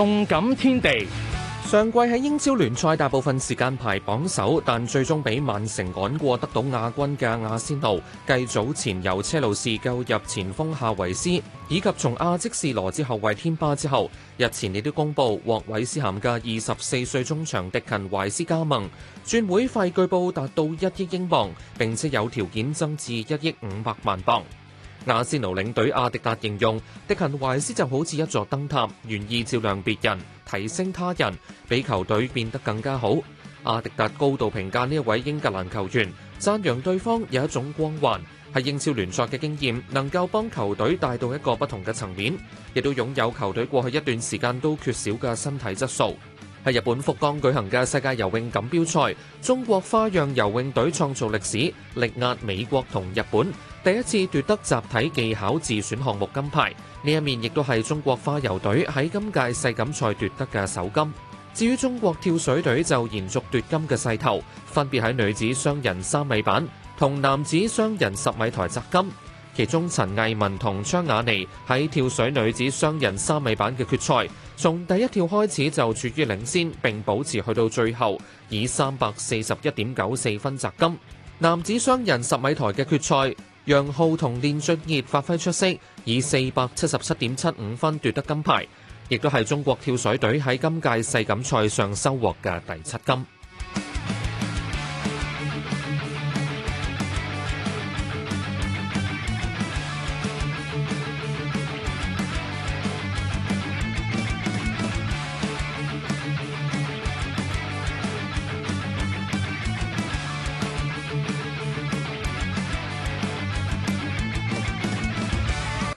動感天地，上季喺英超聯賽大部分時間排榜首，但最終俾曼城趕過得到亞軍嘅阿仙奴。繼早前由車路士救入前鋒夏維斯，以及從阿積士羅致後衛天巴之後，日前亦都公布獲韋斯咸嘅二十四歲中場的迪勤懷斯加盟，轉會費據報達到一億英鎊，並且有條件增至一億五百萬鎊。阿仙奴領隊阿迪達形容迪勤懷斯就好似一座燈塔，願意照亮別人，提升他人，比球隊變得更加好。阿迪達高度評價呢一位英格蘭球員，讚揚對方有一種光環，係英超聯賽嘅經驗能夠幫球隊帶到一個不同嘅層面，亦都擁有球隊過去一段時間都缺少嘅身體質素。喺日本福岡舉行嘅世界游泳錦標賽，中國花樣游泳隊創造歷史，力壓美國同日本，第一次奪得集體技巧自選項目金牌。呢一面亦都係中國花游隊喺今屆世錦賽奪得嘅首金。至於中國跳水隊就延續奪金嘅勢頭，分別喺女子雙人三米板同男子雙人十米臺摘金。其中陳藝文同張雅妮喺跳水女子雙人三米板嘅決賽，從第一跳開始就處於領先，並保持去到最後，以三百四十一點九四分摘金。男子雙人十米台嘅決賽，楊昊同練俊杰發揮出色，以四百七十七點七五分奪得金牌，亦都係中國跳水隊喺今屆世錦賽上收穫嘅第七金。